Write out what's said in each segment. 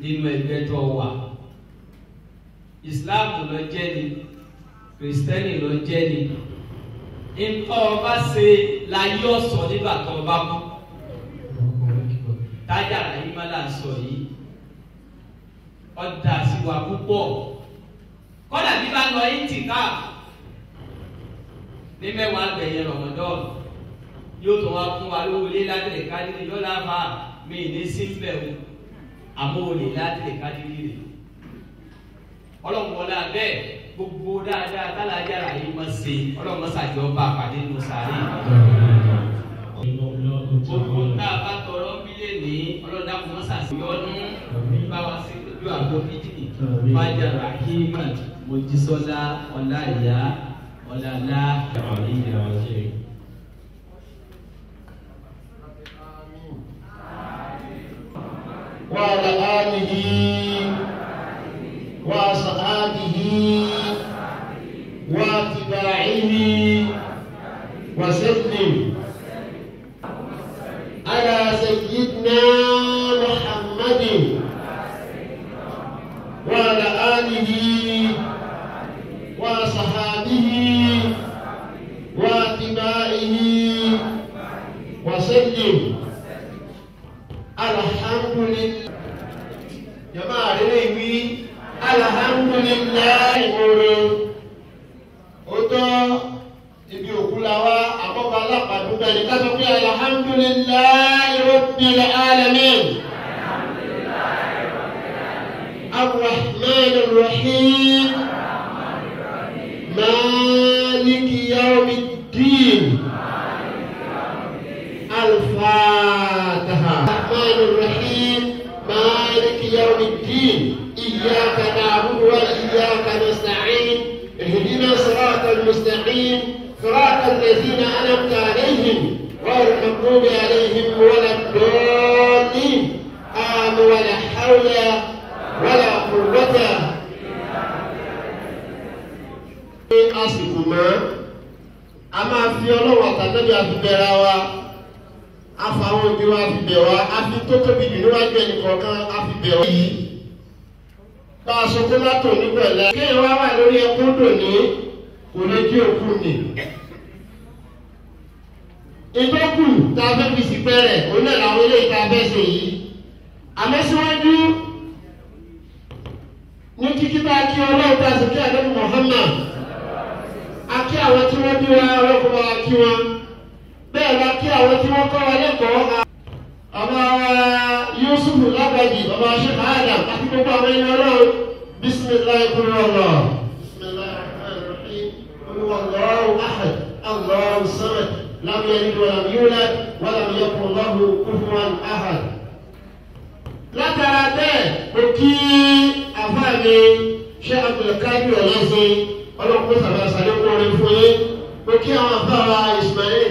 nínú ẹgbẹ́ tó wà islam ló jẹ́ ni kristẹni ló jẹ́ ni nǹkan ọba ṣe láyé ọ̀sọ̀ nígbà tó ọba kú tájà láyé má là ń sọ yìí ọ̀dà sì wà púpọ̀ kọ́dà bí bá lọ yín tì káà ní mẹ́wàá gbẹ̀yìn rọ̀mọ́dọ́n yóò tó wá fún wa lówó ilé lábẹ́rẹ́ ká nílé yọ̀ọ́ láfa mi ní síbẹ̀ o amóhùnlé láti lè kájú líle ọlọ́mọlá bẹ́ẹ̀ gbogbo dáadáa tálájà rà yìí máa ṣe ọlọ́mọsàjọ bá pàdé nù sáré gbogbo tá a bá tọrọ bílẹ̀ ní ọlọ́dà kò mọ́sà sí ọdún bá wa sí lójú àgbo méjì fájà rà yìí mọ̀ mojísọ́lá وعلى آله وأصحابه واتباعه وسلم على سيدنا محمد وعلى آله وأصحابه واتباعه وسلم alhamdulilayi jọba àrẹ́lẹ̀ ìwí alhamdulilayi ìwòrò ó tọ́ ibi òkú la wá àkọ́kọ́ alápàdúgbà ní ká sọ pé alhamdulilayi rabbil alamin. الرحمن الرحيم مالك يوم الدين الرحمن الرحيم مالك يوم الدين إياك نعبد وإياك نستعين اهدنا صراط المستقيم صراط الذين أنعمت عليهم غير المغضوب عليهم ولا الضالين آم ولا حول ولا قوة أصلكما أما في الله وتنبي أبي afahàn òbí wa fi bẹ̀ wá afi tó tóbi jù níwájú ẹnì kọ̀ọ̀kan afi bẹ̀ wá yìí. bá a sọkún látò ní pẹ̀lẹ́. kéèyàn wá wà lórí ẹkún dòní kò lè dí òkú nì. ìdókù tá a fẹ́ fi sí pẹ́rẹ̀ òun náà làwọn eléyìí tá a fẹ́ ṣe yìí. àmọ́síwájú ní kíkí bá a kí ọlọ́run tá a sì kí àdéhùn Muhammad. a kí àwọn tí wọ́n bí wa ọlọ́kùnrin wa kí wọn. kí àwọn tí wọ́n kọ́ wa lẹ́kọ̀ọ́ ọmọ Yusuf lágbàjì ọmọ aṣẹ́kọ̀ àdà àti gbogbo àwọn ẹni ọlọ́run bisimilayi kúrò ọ̀rọ̀ bisimilayi ọlọ́run ahad ọlọ́run sọ́rẹ̀ lábẹ́ ẹni tó làm yúlẹ̀ wọ́n làm yẹ kó lọ́hùn kúfúnwán ahad. látara bẹ́ẹ̀ kò kí àfáàní ṣé abdulkadi ọ̀lẹ́sìn ọlọ́kùnrin sàbẹ̀sàlẹ̀ kúrò ní fún yín kò kí àwọn àfáàrà Ismail.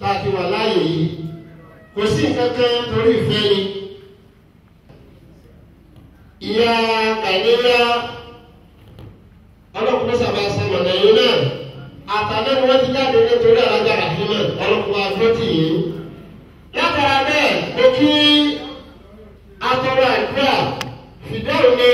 tá a fi wà láàyè yìí kò sí nǹkan kan torí ìfẹ́ ni ìyá kàníyà ọlọ́kùnrin sábà sàmọ̀nà yìí náà àtàlẹ́ ni wọ́n ti jáde nítorí àlájà àfihàn ọlọ́kùnrin àdúrótì yìí látara bẹ́ẹ̀ mo kí atọ́rọ àdúrà fìdá òní.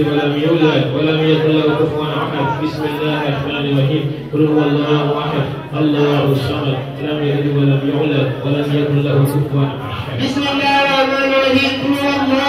يلد ولم يولد ولم يكن له كفوا احد بسم الله الرحمن الرحيم قل هو الله احد الله الصمد لم يلد ولم يولد ولم يكن له كفوا احد بسم الله الرحمن الرحيم قل هو الله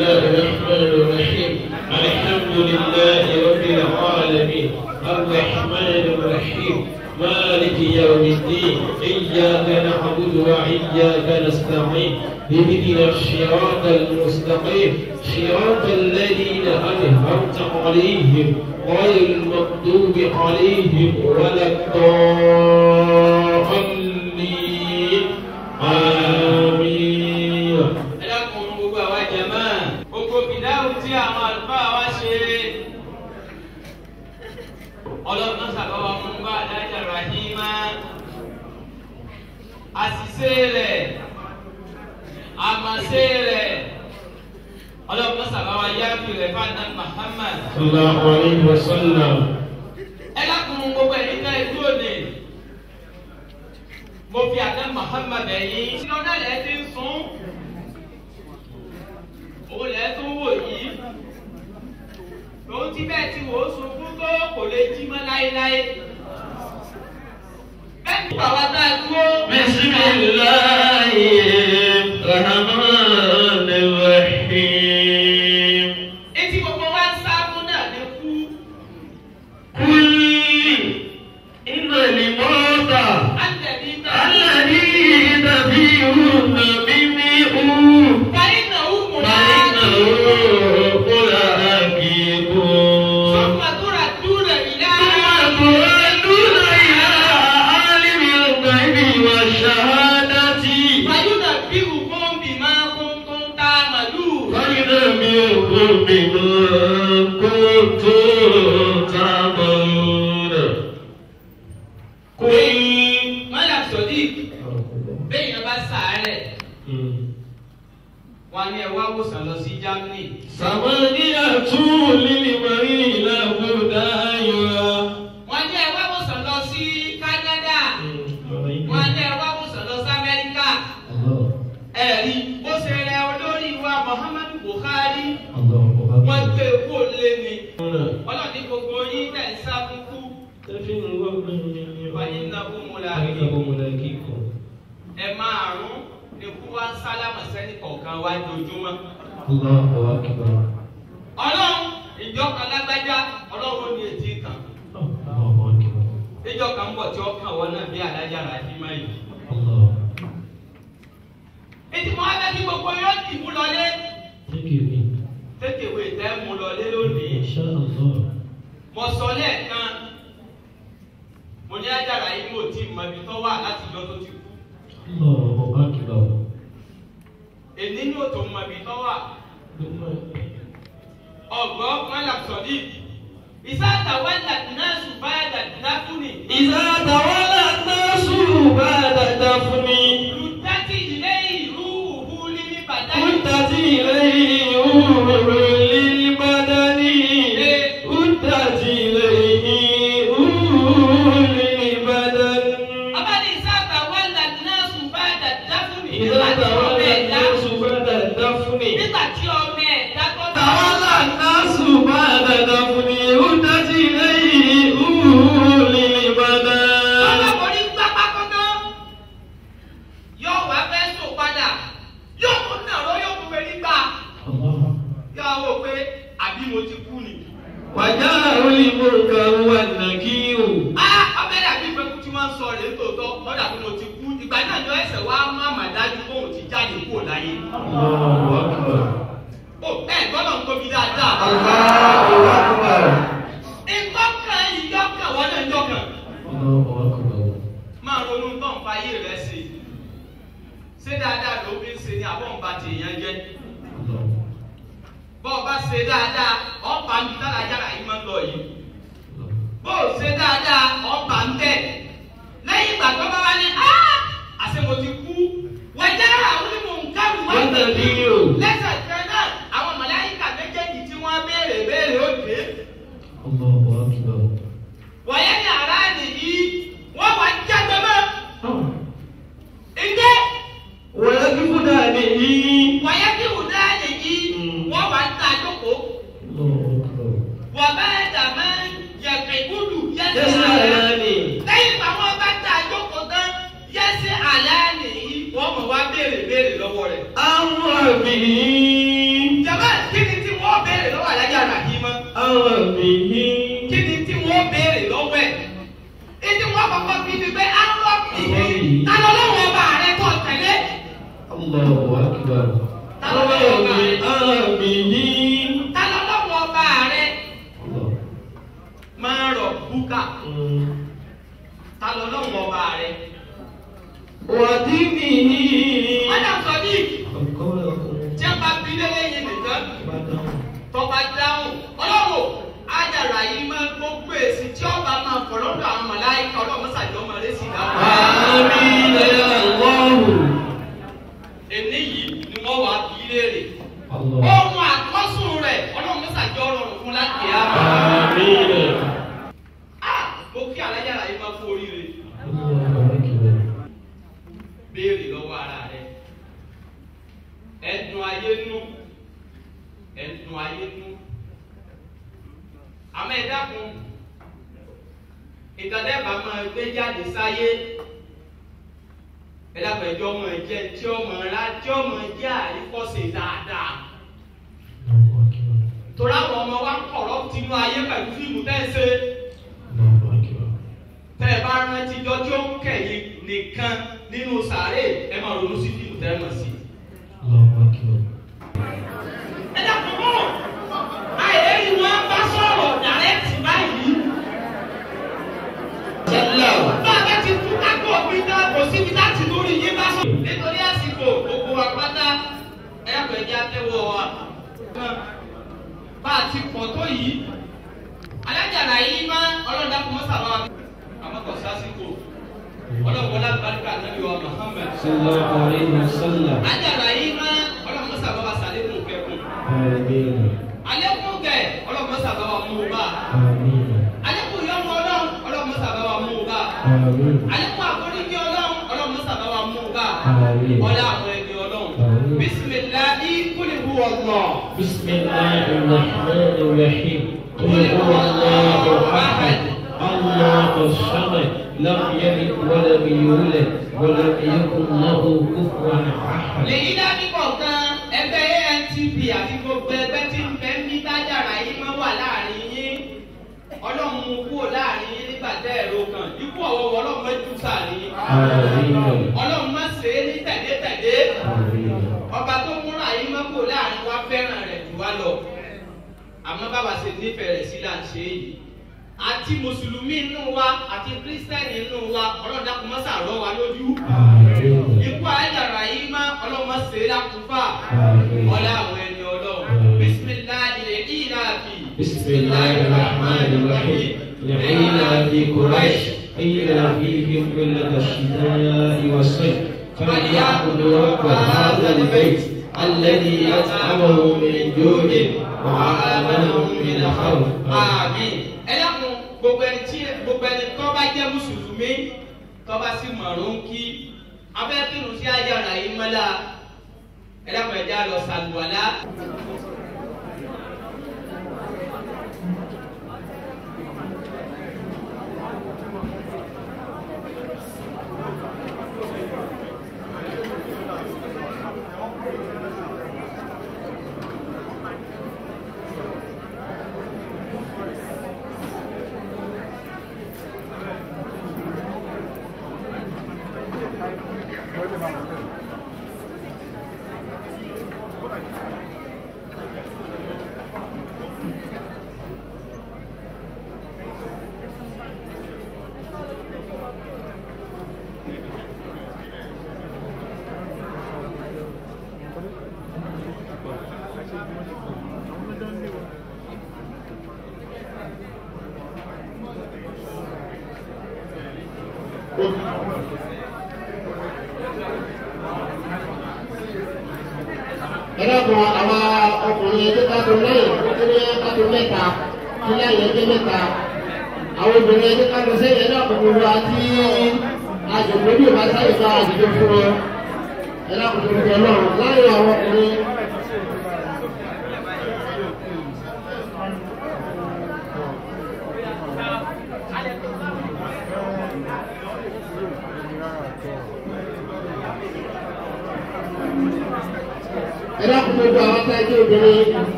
الله الرحمن الرحيم الحمد لله رب العالمين الرحمن الرحيم مالك يوم الدين إياك نعبد وإياك نستعين اهدنا الصراط المستقيم صراط الذين أنعمت عليهم غير المغضوب عليهم ولا الضالين tó wà láti yọ tó ti kú. lọ́rọ̀ ọba kìlọ̀. èmi ní òtò mọ̀ ibi tó wà. ọ̀gbọ́n kọ́lá sọ̀dí. ìsáàtà wà làdínàṣù bá dàdínàfúnì. ìsáàtà wà làdínàṣù bá dàdínàfúnì. lùtàkì ilé ìlú òhun ní bàdá. lùtàkì ilé ìlú. jẹ́ tí ọmọ rà tí ọmọ jẹ́ àríkọ́sẹ̀ dáadáa. torí àwọn ọmọ wa ń kọ̀rọ̀ tinú ayé pẹ̀lú fíìmù tẹ́ ẹ ṣe. tẹ́ ẹ bá rántí dọ́jọ́ kẹ̀yìn nìkan nínú sàárè ẹ máa ronú sí fíìmù tẹ́ ẹ mọ̀ sí. ẹ dàpọ̀ mọ́ àìlè ni wọ́n bá sọ̀rọ̀ dàrẹ́tì báyìí. bá a bá ti tún kákó òbí náà kò síbi láti nítorí àsìkò gbogbo wa pátá ẹ̀yàpọ̀ ẹ̀jẹ̀ àtẹwọ́ wa. bá a ti pọ̀ tó yìí alájàrá yìí má ọlọ́dà kò mọ́ sàbá àmọ́kọ̀ sásìkò ọlọ́wọ́ lágbàdúrà náà yọ Muhammad. sọlá ọ̀rẹ́ mi sọlá. alájàrá yìí má ọlọ́mọ sàbá wa sàlékún kẹkùn. alẹ́kùn kẹ ọlọ́mọ sàbá wa mú u bá. alẹ́kùn yọmọ ọlọ́mọ sàbá wa mú u bá. alẹ́kùn ọlá àwọn ẹni ọlọ́run bisimilahi kúlì hu ọlọ. bisimilahi rahmani rahim kúlì hu ọlọ ahad allahu samad lam yalid walam yulad walam yakun lahu kufuwan ahad. lèyí dájú kọ̀ọ̀kan ẹgbẹ́ antv àti gbogbo ẹgbẹ́ tí ń bẹ ń bí tájàrà yìí máa wà láàrin yín ọlọ́run mú kúrò láàrin yín nígbà tẹ́ ẹ̀rọ kan ikú ọ̀wọ́wọ́ ọlọ́run mẹ́jú sáà ní. ọlọ́run mẹ́ àmọ́ bàbá ṣe nífẹ̀ẹ́ rẹ̀ sí là ń ṣe yìí àti mùsùlùmí inú wa àti kírísítẹ́nì inú wa ọlọ́run dákun má ṣàrọ̀ wa lójú ikú àìdàrà yìí má ọlọ́run má ṣe é lákùnfà ọlá àwọn ẹni ọlọ́run bísímìláì ìlàbí bísímìláì rahman rahim ìlàbí quraish ìlàbí bíbélì lọ́sídá ìwọ̀sẹ̀ fàlíyà kùdùrọ̀ pàtàkì lẹ́yìn alẹ́ ni àtàwọn ohun èlò yẹn. وآمنوا من الخوف آمين ẹ dákun gbogbo ẹni tí gbogbo ẹni tó bá jẹ́ mùsùlùmí tó bá sì mọ̀rún yìí mọ́lá ẹ dákun lọ sàlùwàlá.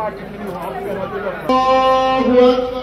Oh,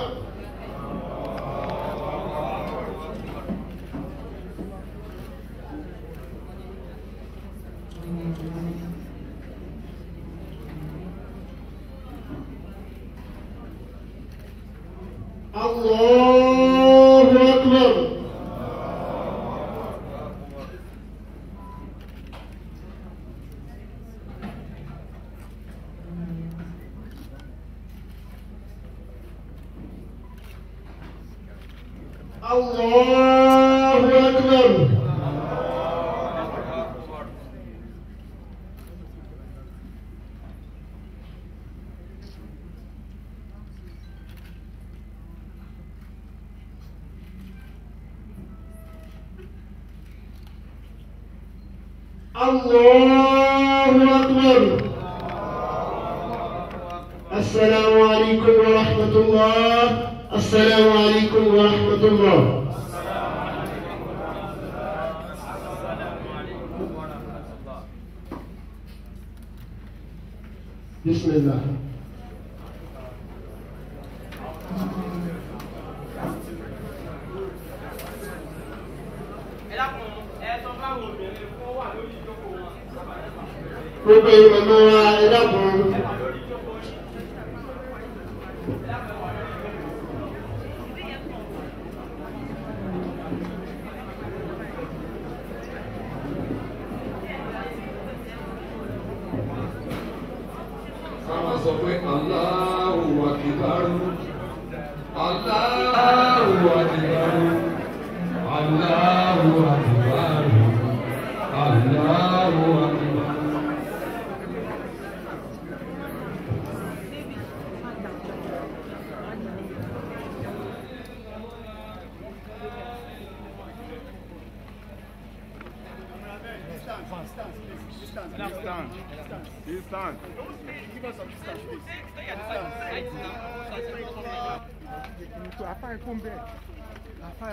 gbogbo ẹ̀yin wa ẹ dákun.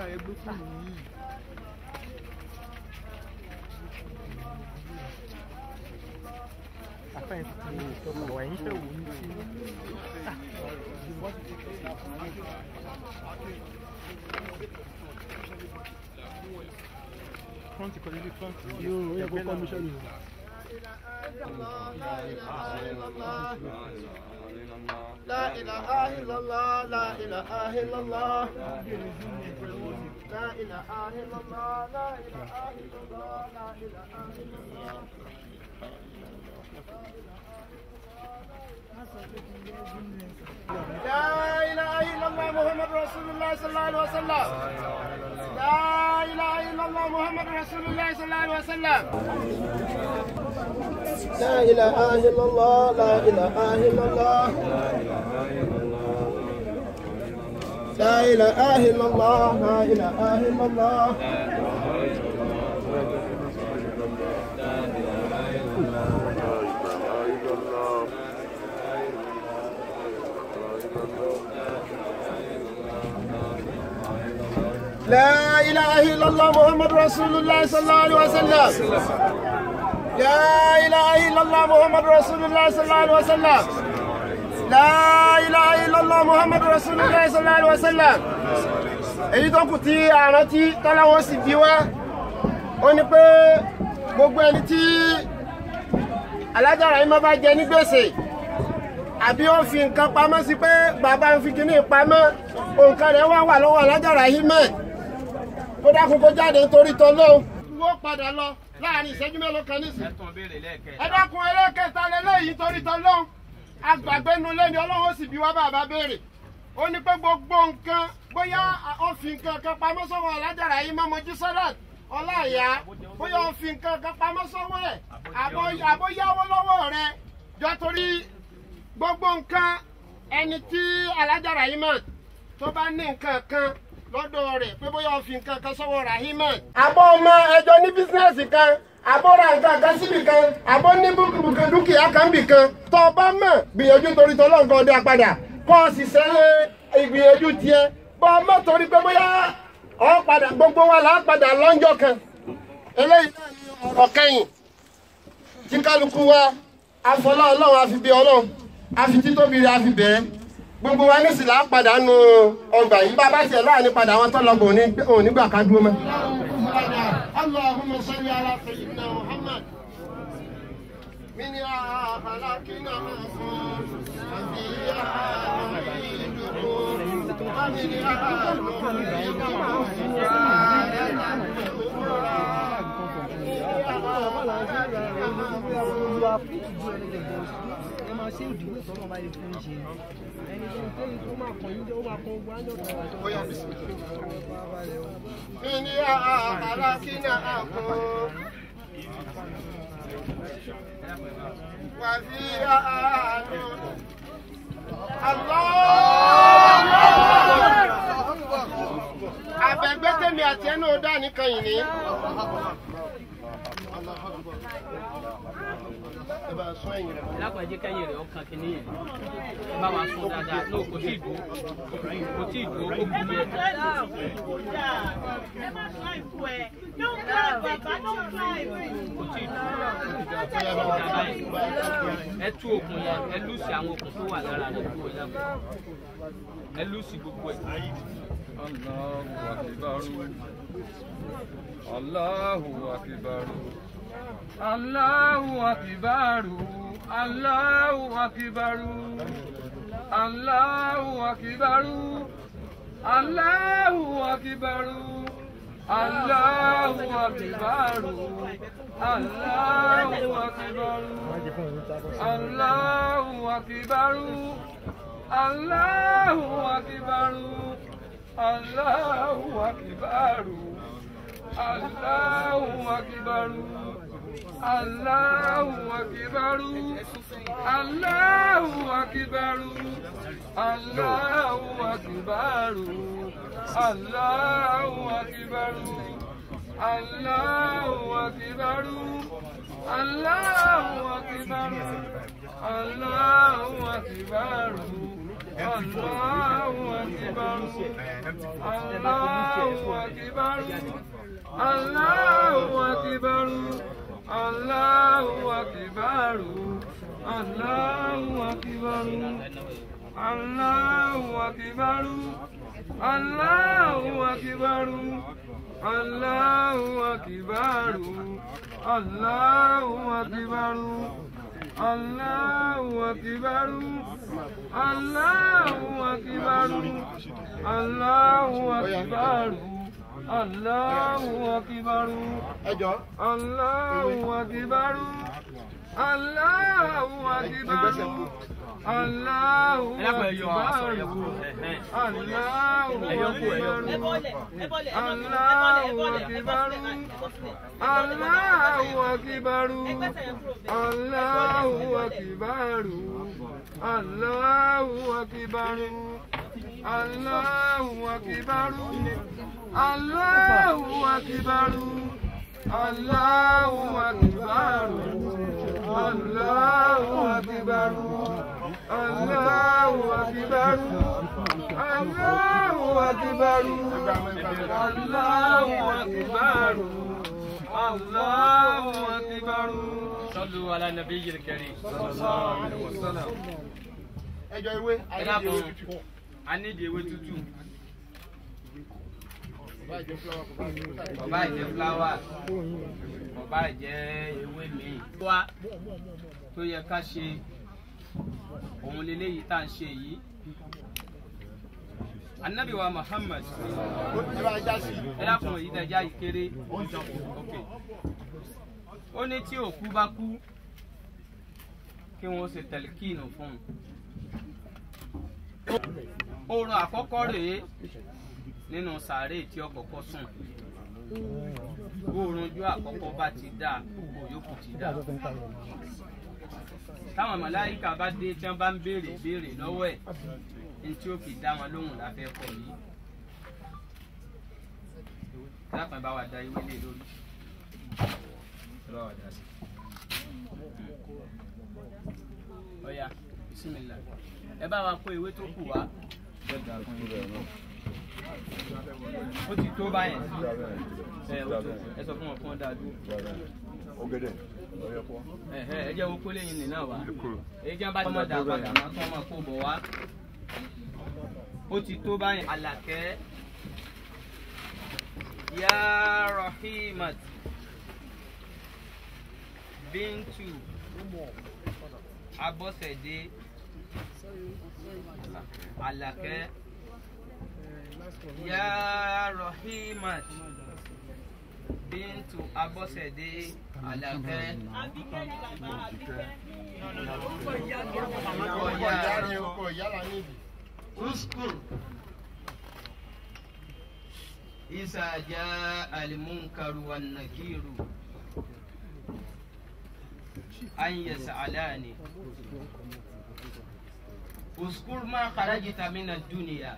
é muito ruim. A frente do seu é entra o índice. Pronto, colhi de pronto. E o Iago Comicharismo. La ilaha لا إله إلا الله لا إله إلا الله لا إله إلا الله لا إله إلا الله لا إله إلا الله لا اله الا الله محمد رسول الله صلى الله عليه وسلم لا اله الا الله محمد رسول الله صلى الله عليه وسلم لا اله الا الله لا اله الا الله لا اله الا الله لا اله الا الله لا إله إلا الله محمد رسول الله صلى الله عليه وسلم لا إله إلا الله محمد رسول الله صلى الله عليه وسلم لا إله إلا الله محمد رسول الله صلى الله عليه وسلم èyí tó kù tí àrùn tí tọ́láwọ́ sì bí wá ó ní pé gbogbo ẹni tí alágbára yìí máa bá jẹ ní gbèsè àbí ó fi nǹkan pamọ́ sí pé bàbá ń fi kíní pamọ́ òǹkan rẹ̀ wá wà lọ́wọ́ alágbára yìí mẹ́ẹ̀ kó dákun kó jáde nítorí tán náà wọ́n padà lọ láàrin ìṣẹ́jú mélòó kan nísìn. ẹ dákun ẹlẹ́kẹta lélẹ́yìí torí tán náà agbàgbé nu lẹ́ni ọlọ́run ó sì bí wá bàbá béèrè ó ní pé gbogbo nǹkan bóyá òfin nǹkan kan pamọ́ sọ́wọ́ alájàrá yìí mọ́mọ́ jísọ́lá ọláìyá bóyá òfin nǹkan kan pamọ́ sọ́wọ́ ẹ̀ àbóyáwó lọ́wọ́ rẹ̀ jọ torí gbogbo nǹkan ẹni tí alájàrá yìí mọ̀ tó bá ní nǹkan kan lọ́dọ̀ rẹ̀ pé bóyá o fi nǹkan kan sọ́wọ́ Rahimat. àbọ̀ ọmọ ẹjọ́ ní bísíǹsì kan àbọ̀ ra nǹkan kan síbì kan àbọ̀ ní bùkún dúkìá kan bì kan tó o bá mọ̀ gbìyànjú torí tọ́lọ́ nǹkan ọdẹ àpadà kó o sì sẹ́lẹ̀ ìgbìyànjú tiẹ̀ bọ́ ọ mọ̀ torí pé bóyá ọ padà gbogbo wa là á padà lọ́njọ́ kan eléyìí náà ni ọ̀rọ̀ kẹ́yìn tí kálukú wa afọlọ́ ọlọ́run àfi bí ọlọ́run àfi títóbi rẹ̀ àfi bẹ́ẹ̀ gbogbo wa nísì là á padà nu ọgbà yìí bá bá tiẹ̀ láàrin padà àwọn tọ́lọ bò onígbà ká dúró mọ́. Allahumma salli máa ṣe ìdúró tọ́lọ́ bá lè fún un ẹni tó ń pè é tó máa kàn yín tó máa kàn wá ní ọ̀tá wa. kí ni àbàlá kí ni àkó. wàbí àánú. àbẹ̀gbẹ́ tèmi àti ẹnu ọ̀dà nìkan yìí ni. Allahu Akbar Allahu Akbar. Allahu akibaru Allahu akibaru Allahu akibaru Allahu akibaru Allahu akibaru Allahu akibaru Allahu akibaru Allahu akibaru Allahu akibaru Allahu akibaru. Allahu akibaru Allahu akibaru Allahu akibaru Allahu akibaru Allahu akibaru Allahu akibaru Allahu akibaru. Allahu أكبر Allahu أكبر Allahu أكبر Allahu Akbar Allahu Akbar Allahu Akbar Allahu Akbar Allahu Akbar Allahu Akbar Allahu Akbar Allahu Akbar Allahu Akbar Allahu Akbar. Allahu Akbar. Allahu Akbar. Allahu Akbar. Allahu Akbar. Allahu Akbar. Allahu Akbar. Allahu Akbar. Allahu Akbar. Allahu Akbar. Allahu Akbar. Allahu Akbar Allahu Akbar Allahu Akbar Allahu Akbar Allahu Akbar Allahu Akbar Sallu ala Nabi al-Karim Sallallahu alaihi wasallam Ẹjọ́ ìwé, a ní ìdí ewé tútù kò bá jẹ́ fúláwà kò bá jẹ́ ewé míì. wá tó yẹ ká ṣe òun leléyìí tá à ń ṣe yìí anabi wa muhammad ẹ dákun èyí dájá ìkéré ó ní tí òkú bá kú kí wọn ṣe tẹlifíìnù fún un. oorun àkọ́kọ́ rèé nínú sàárè tí ó kọ́kọ́ sùn gbóòrùnjú àkọ́kọ́ bá ti dà gbogbo yòókù ti dà táwọn màláíkà bá dé tí wọ́n bá ń béèrè béèrè lọ́wọ́ ẹ̀ ní tí ó fi dá wọn lóhùn láfẹ́ kọ yìí lápá bá wa da ewé lé lórí ọ̀ya bisimilá ẹ bá wa kó ewé tó kù wá ó ti tó báyẹn ẹ ẹ sọ fún wọn fún ọ dáadú. ọ̀gẹ̀dẹ̀ ọyọkọ. ẹ jẹ́ wo kólé yìí nìyẹn náà wá èyí jẹ́ bá ti mọ̀ dà padà máa tún ọmọ kó bọ̀ wá ó ti tó báyẹn. Àlàkẹ́ yá Rahimat Bintu Abọ́sẹ̀dé Àlàkẹ́ ya rahimat bintu abosede alabe uskur isa ja alimunkaru wa nakiru an alani. uskur ma kharajta min ad-dunya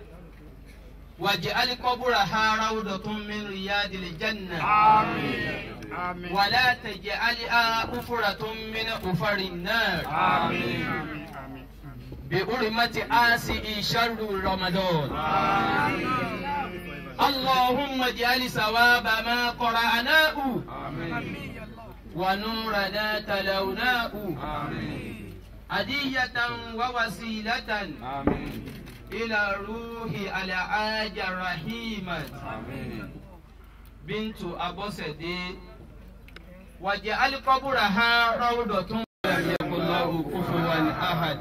واجعل قبرها روضة من رياض الجنة آمين ولا تجعلها أفرة من أفر النار آمين بأرمة آسئ شر رمضان اللهم اجعل ثواب ما قرأناه آمين ونورنا تلوناه آمين هدية ووسيلة آمين إلى روح العاج الرحيمة بنت أبوسدي واجعل قبرها روضة لم يكن الله كفوا أحد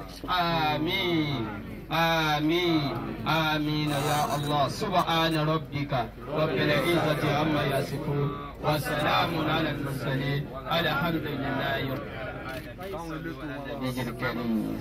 آمين آمين آمين يا الله سبحان ربك رب العزة عما يصفون وسلام على المرسلين الحمد لله رب العالمين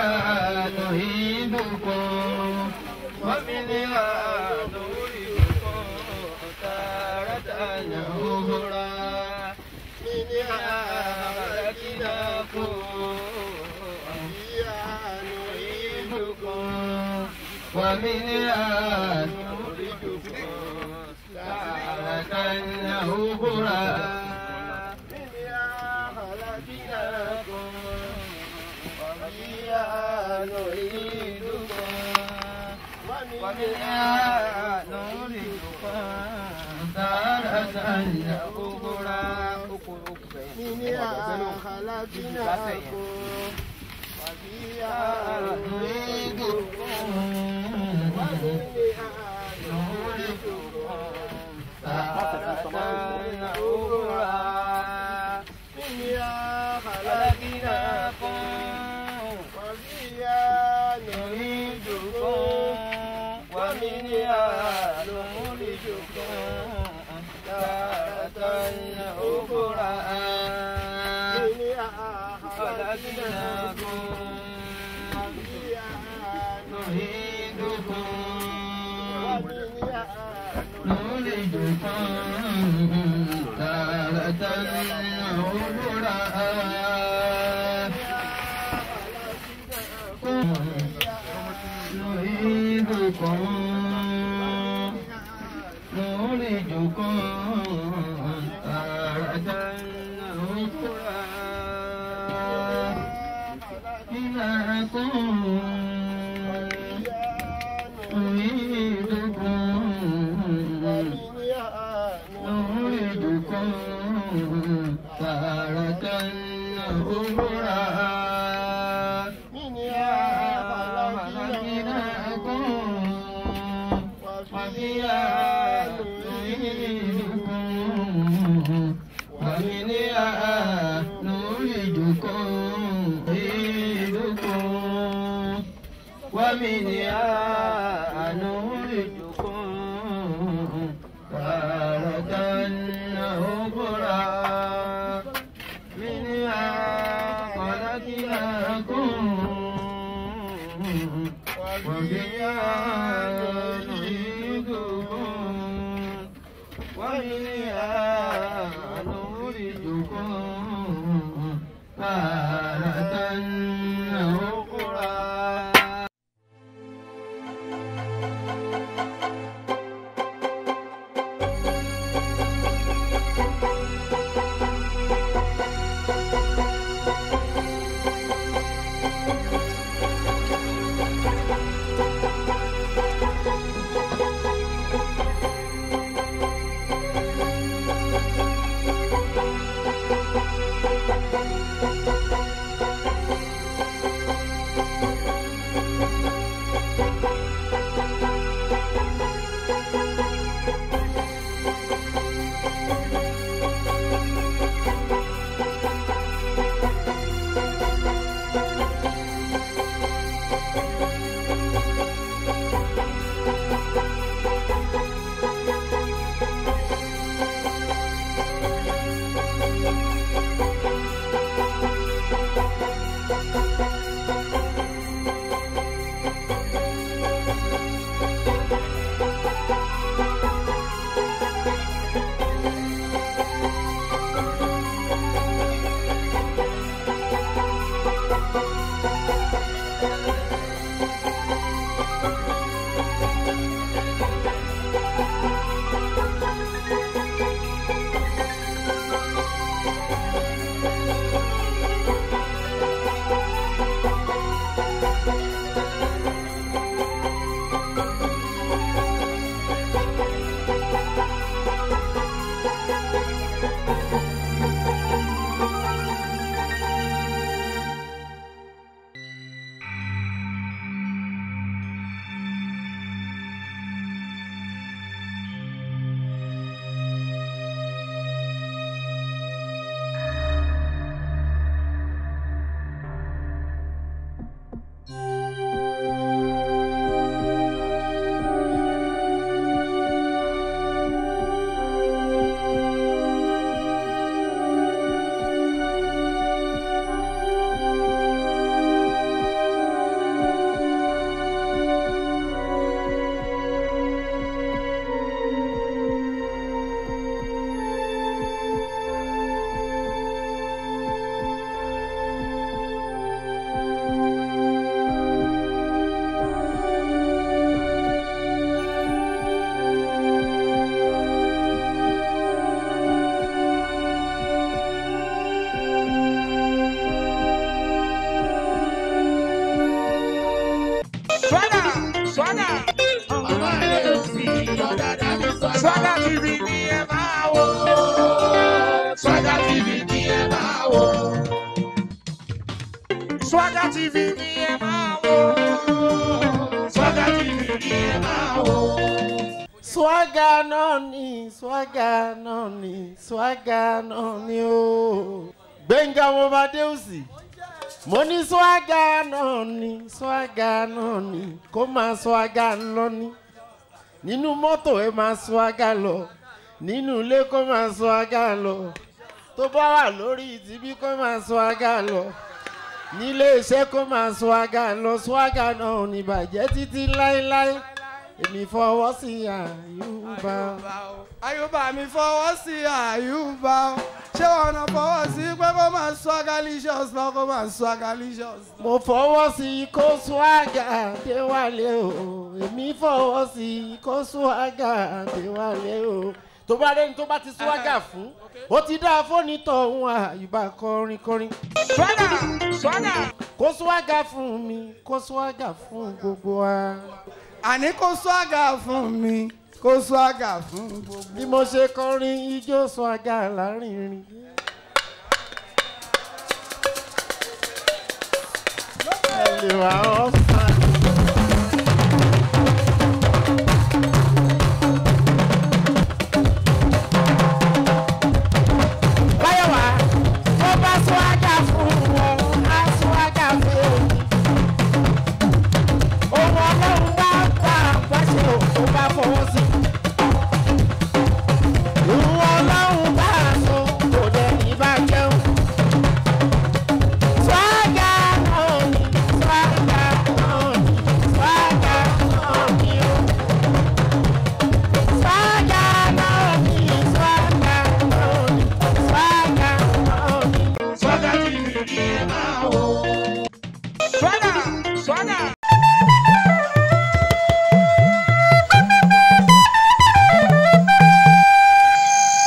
نهيبكم ومنها نوركم تارة أخرى منها خلقناكم وفيها نعيدكم ومنها نخرجكم تارة أخرى نريدكم ومنها نريدكم تارة أخرى منها خلقناكم وفيها نريدكم ومنها I'm Thank you. mini ọba déùsì mo ní swaga náà ni swaga náà ni kó máa swaga lọ ni nínú mọ́tò ẹ máa swaga lọ nínú ilé kó máa swaga lọ tó bá wà lórí ìtìbí kó máa swaga lọ nílé iṣẹ́ kó máa swaga lọ swaga náà ò bàjẹ́ títí láéláé èmi fọwọ́ sí àyùbá o. àyùbá mi fọwọ́ sí àyùbá o. ṣé wọn náà fọwọ́ sí pé kó máa swagalicious náà kó máa swagalicious. mo fọwọ́ sí kó swaga déwálé o èmi fọwọ́ sí kó swaga déwálé o tó bá rẹ́ni tó bá ti swaga fún ó ti dá fóònù tọ̀hún àyùbá kọrin kọrin. swaga swaga. kó swaga fún mi kó swaga fún gbogbo wa àní kò swaga fún mi kò swaga fún gbogbo. bí mo ṣe kọrin ijó swaga láàrin rin. ẹ lè wá